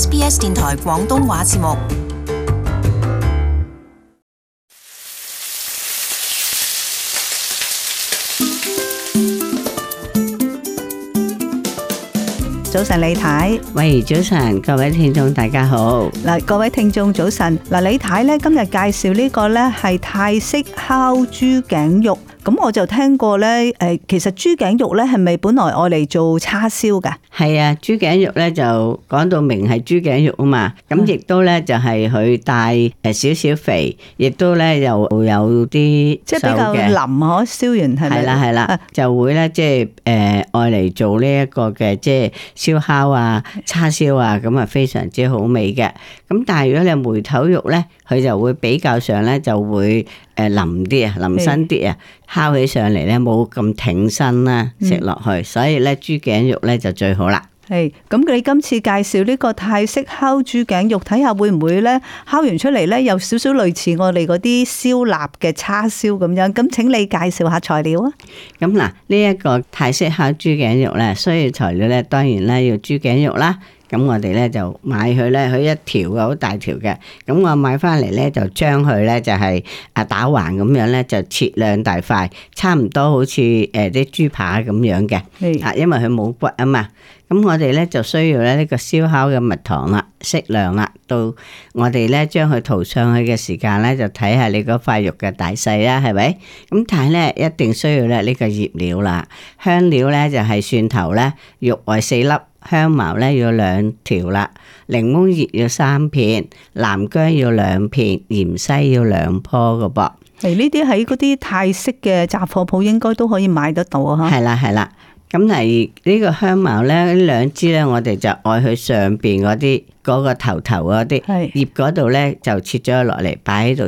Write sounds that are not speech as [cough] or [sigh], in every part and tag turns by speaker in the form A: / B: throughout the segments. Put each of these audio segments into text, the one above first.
A: SBS 電台廣東話節目。早晨，李太。喂，早晨，各位聽眾大家好。嗱，各位聽眾早晨。嗱，李太咧，今日介紹呢個咧係泰式烤豬頸肉。咁我就聽過咧，誒，其實豬頸肉咧係咪本來愛嚟做叉燒㗎？係啊，豬頸肉咧就講到明係豬頸肉吖嘛，咁亦都咧就係佢帶誒少少肥，亦都咧又有啲即係比較腍可燒完係咪？係啦，係啦，就會咧即係誒愛嚟做呢一個嘅即係燒烤啊、叉燒啊，咁啊非常之好味嘅。咁但係如果你梅頭肉咧，佢就會比較上咧就會誒腍啲啊、腍身啲啊。烤起上嚟咧冇咁挺身啦，食落去，所以咧豬頸肉咧就最好啦。係、嗯，咁你今次介紹呢個泰式烤豬頸肉，睇下會唔會咧烤完出嚟咧有少少類似我哋嗰啲燒臘嘅叉燒咁樣？咁請你介紹下材料啊。咁嗱，呢、這、一個泰式烤豬頸肉咧，需要材料咧，當然咧要豬頸肉啦。咁我哋咧就買佢咧，佢一條嘅，好大條嘅。咁我買翻嚟咧就將佢咧就係啊打橫咁樣咧就切兩大塊，差唔多好似誒啲豬排咁樣嘅。啊，因為佢冇骨啊嘛。咁我哋咧就需要咧呢個燒烤嘅蜜糖啦，適量啦。到我哋咧將佢塗上去嘅時間咧，就睇下你嗰塊肉嘅大細啦，係咪？咁但係咧一定需要咧呢個醃料啦，香料咧就係蒜頭咧，肉外四粒。香茅咧要兩條啦，檸檬葉要三片，南薑要兩片，芫茜要兩棵㗎噃。係呢啲喺嗰啲泰式嘅雜貨鋪應該都可以買得到啊。係啦係啦，咁嚟，呢個香茅咧，兩支咧，我哋就愛去上邊嗰啲嗰個頭頭嗰啲葉嗰度咧，就切咗落嚟擺喺度，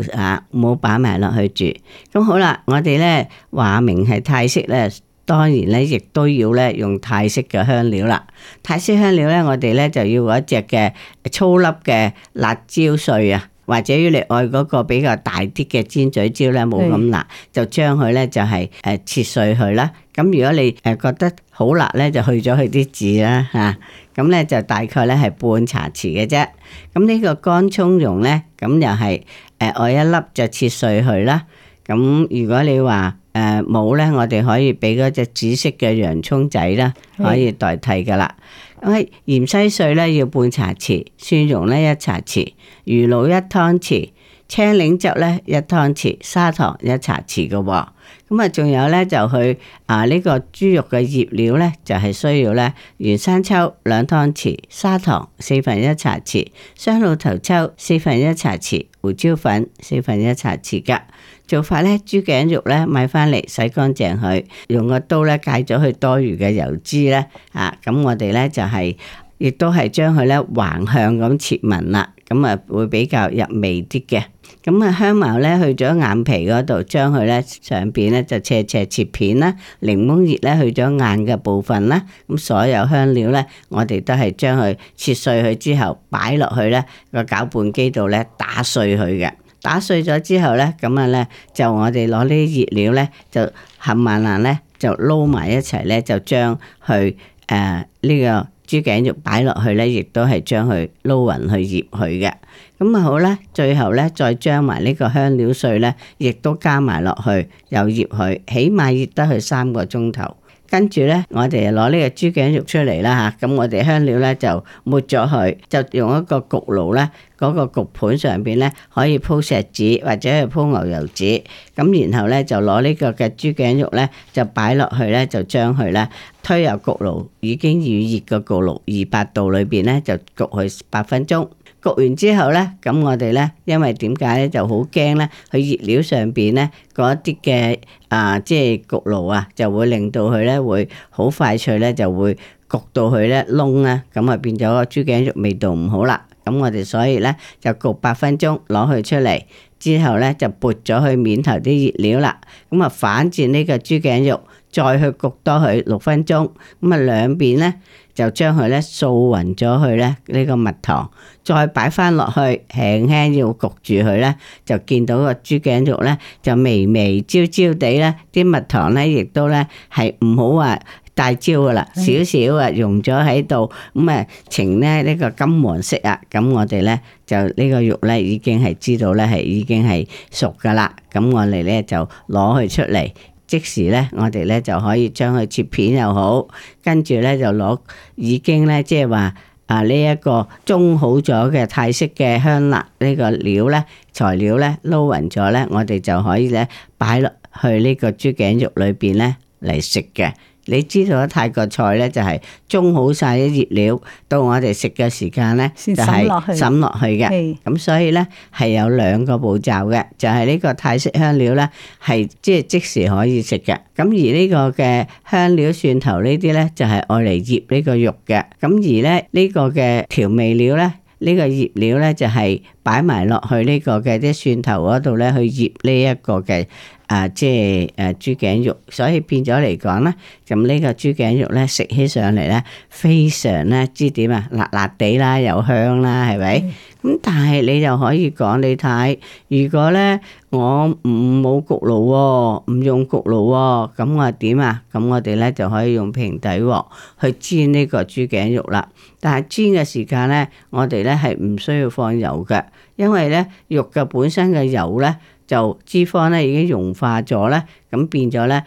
A: 唔好擺埋落去住。咁好啦，我哋咧話明係泰式咧。當然咧，亦都要咧用泰式嘅香料啦。泰式香料咧，我哋咧就要一隻嘅粗粒嘅辣椒碎啊，或者要你愛嗰個比較大啲嘅尖嘴椒咧，冇咁辣，是辣，就將佢咧就係誒切碎佢啦。咁如果你誒覺得好辣咧，就去咗佢啲籽啦嚇。咁咧就大概咧係半茶匙嘅啫。咁呢個乾蔥蓉咧，咁又係誒愛一粒就切碎佢啦。咁如果你話，誒，冇咧，我哋可以俾嗰隻紫色嘅洋葱仔啦，可以代替噶啦。咁芫茜碎咧要半茶匙，蒜蓉咧一茶匙，魚露一湯匙。青檸汁咧一湯匙，砂糖一茶匙嘅、哦，咁啊，仲有咧就去啊呢個豬肉嘅醃料咧就係、是、需要咧原生抽兩湯匙，砂糖四分一茶匙，雙露頭抽四分一茶匙，胡椒粉四分一茶匙嘅做法咧，豬頸肉咧買翻嚟洗乾淨佢，用個刀咧解咗佢多餘嘅油脂咧啊，咁我哋咧就係、是、亦都係將佢咧橫向咁切紋啦。咁啊，會比較入味啲嘅。咁啊，香茅咧去咗眼皮嗰度，將佢咧上邊咧就斜斜切片啦。檸檬葉咧去咗硬嘅部分啦。咁所有香料咧，我哋都係將佢切碎佢之後擺落去咧個攪拌機度咧打碎佢嘅。打碎咗之後咧，咁啊咧就我哋攞呢啲熱料咧就冚唪唥咧就撈埋一齊咧就將佢誒呢個。豬頸肉擺落去咧，亦都係將佢撈匀去腌佢嘅。咁啊好啦，最後咧再將埋呢個香料碎咧，亦都加埋落去，又腌佢，起碼腌得佢三個鐘頭。跟住咧，我哋攞呢個豬頸肉出嚟啦吓，咁啊，我哋香料咧就抹咗佢，就用一個焗爐咧。嗰個焗盤上邊咧可以鋪錫紙或者係鋪牛油紙，咁然後咧就攞呢個嘅豬頸肉咧就擺落去咧就將佢咧推入焗爐已經預熱嘅焗爐二百度裏邊咧就焗佢八分鐘，焗完之後咧咁我哋咧因為點解咧就好驚咧佢熱料上邊咧嗰一啲嘅啊即係焗爐啊就會令到佢咧會好快脆咧就會焗到佢咧燶啊咁啊變咗個豬頸肉味道唔好啦。咁我哋所以呢，就焗八分鐘，攞佢出嚟之後呢，就撥咗去面頭啲熱料啦。咁啊反轉呢個豬頸肉，再去焗多佢六分鐘。咁啊兩邊呢，就將佢呢掃勻咗去呢。呢、呢個蜜糖，再擺翻落去，輕輕要焗住佢呢，就見到個豬頸肉呢就微微焦焦地呢啲蜜糖呢，亦都呢係唔好話大招噶啦，少少啊，溶咗喺度咁啊，呈咧呢個金黃色啊，咁我哋咧就呢個肉咧已經係知道咧係已經係熟噶啦，咁我哋咧就攞佢出嚟，即時咧我哋咧就可以將佢切片又好，跟住咧就攞已經咧即係話啊呢一個中好咗嘅泰式嘅香辣呢個料咧材料咧撈勻咗咧，我哋就可以咧擺落去呢個豬頸肉裏邊咧嚟食嘅。你知道泰國菜咧就係、是、種好晒啲醃料，到我哋食嘅時間咧就係揷落去嘅。咁是所以咧係有兩個步驟嘅，就係、是、呢個泰式香料咧係即係即時可以食嘅。咁而呢個嘅香料蒜頭呢啲咧就係愛嚟醃呢個肉嘅。咁而咧呢、呢個嘅調味料咧。個呢、就是、個醃料咧就係擺埋落去呢個嘅啲蒜頭嗰度咧去醃呢一個嘅啊，即係誒、啊、豬頸肉，所以變咗嚟講咧，咁、這個、呢個豬頸肉咧食起上嚟咧，非常咧知點啊，辣辣地啦，又香啦，係咪？嗯咁但係你又可以講你睇，如果咧我唔冇焗爐喎、哦，唔用焗爐喎、哦，咁我點啊？咁我哋咧就可以用平底鑊去煎呢個豬頸肉啦。但係煎嘅時間咧，我哋咧係唔需要放油嘅，因為咧肉嘅本身嘅油咧就脂肪咧已經融化咗咧，咁變咗咧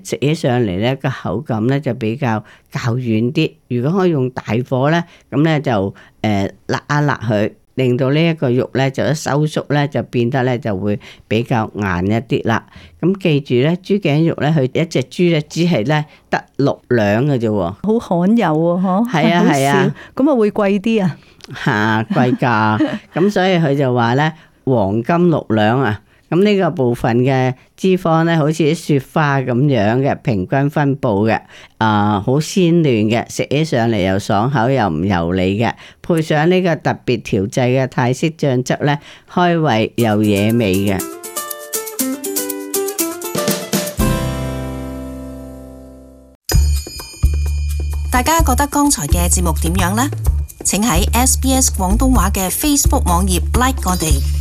A: 誒食起上嚟咧個口感咧就比較較軟啲。如果可以用大火咧，咁咧就誒、呃、辣一辣佢。令到呢一個肉咧就一收縮咧就變得咧就會比較硬一啲啦。咁記住咧，豬頸肉咧，佢一隻豬咧只係咧得六兩嘅啫喎。好罕有啊，嚇！係啊係啊，咁啊會、啊啊、貴啲啊嚇貴㗎。咁 [laughs] 所以佢就話咧，黃金六兩啊。咁呢個部分嘅脂肪呢，好似啲雪花咁樣嘅，平均分佈嘅，啊，好鮮嫩嘅，食起上嚟又爽口又唔油膩嘅，配上呢個特別調製嘅泰式醬汁呢，開胃又惹味嘅。大家覺得剛才嘅節目點樣呢？請喺 SBS 廣東話嘅 Facebook 網頁 like 我哋。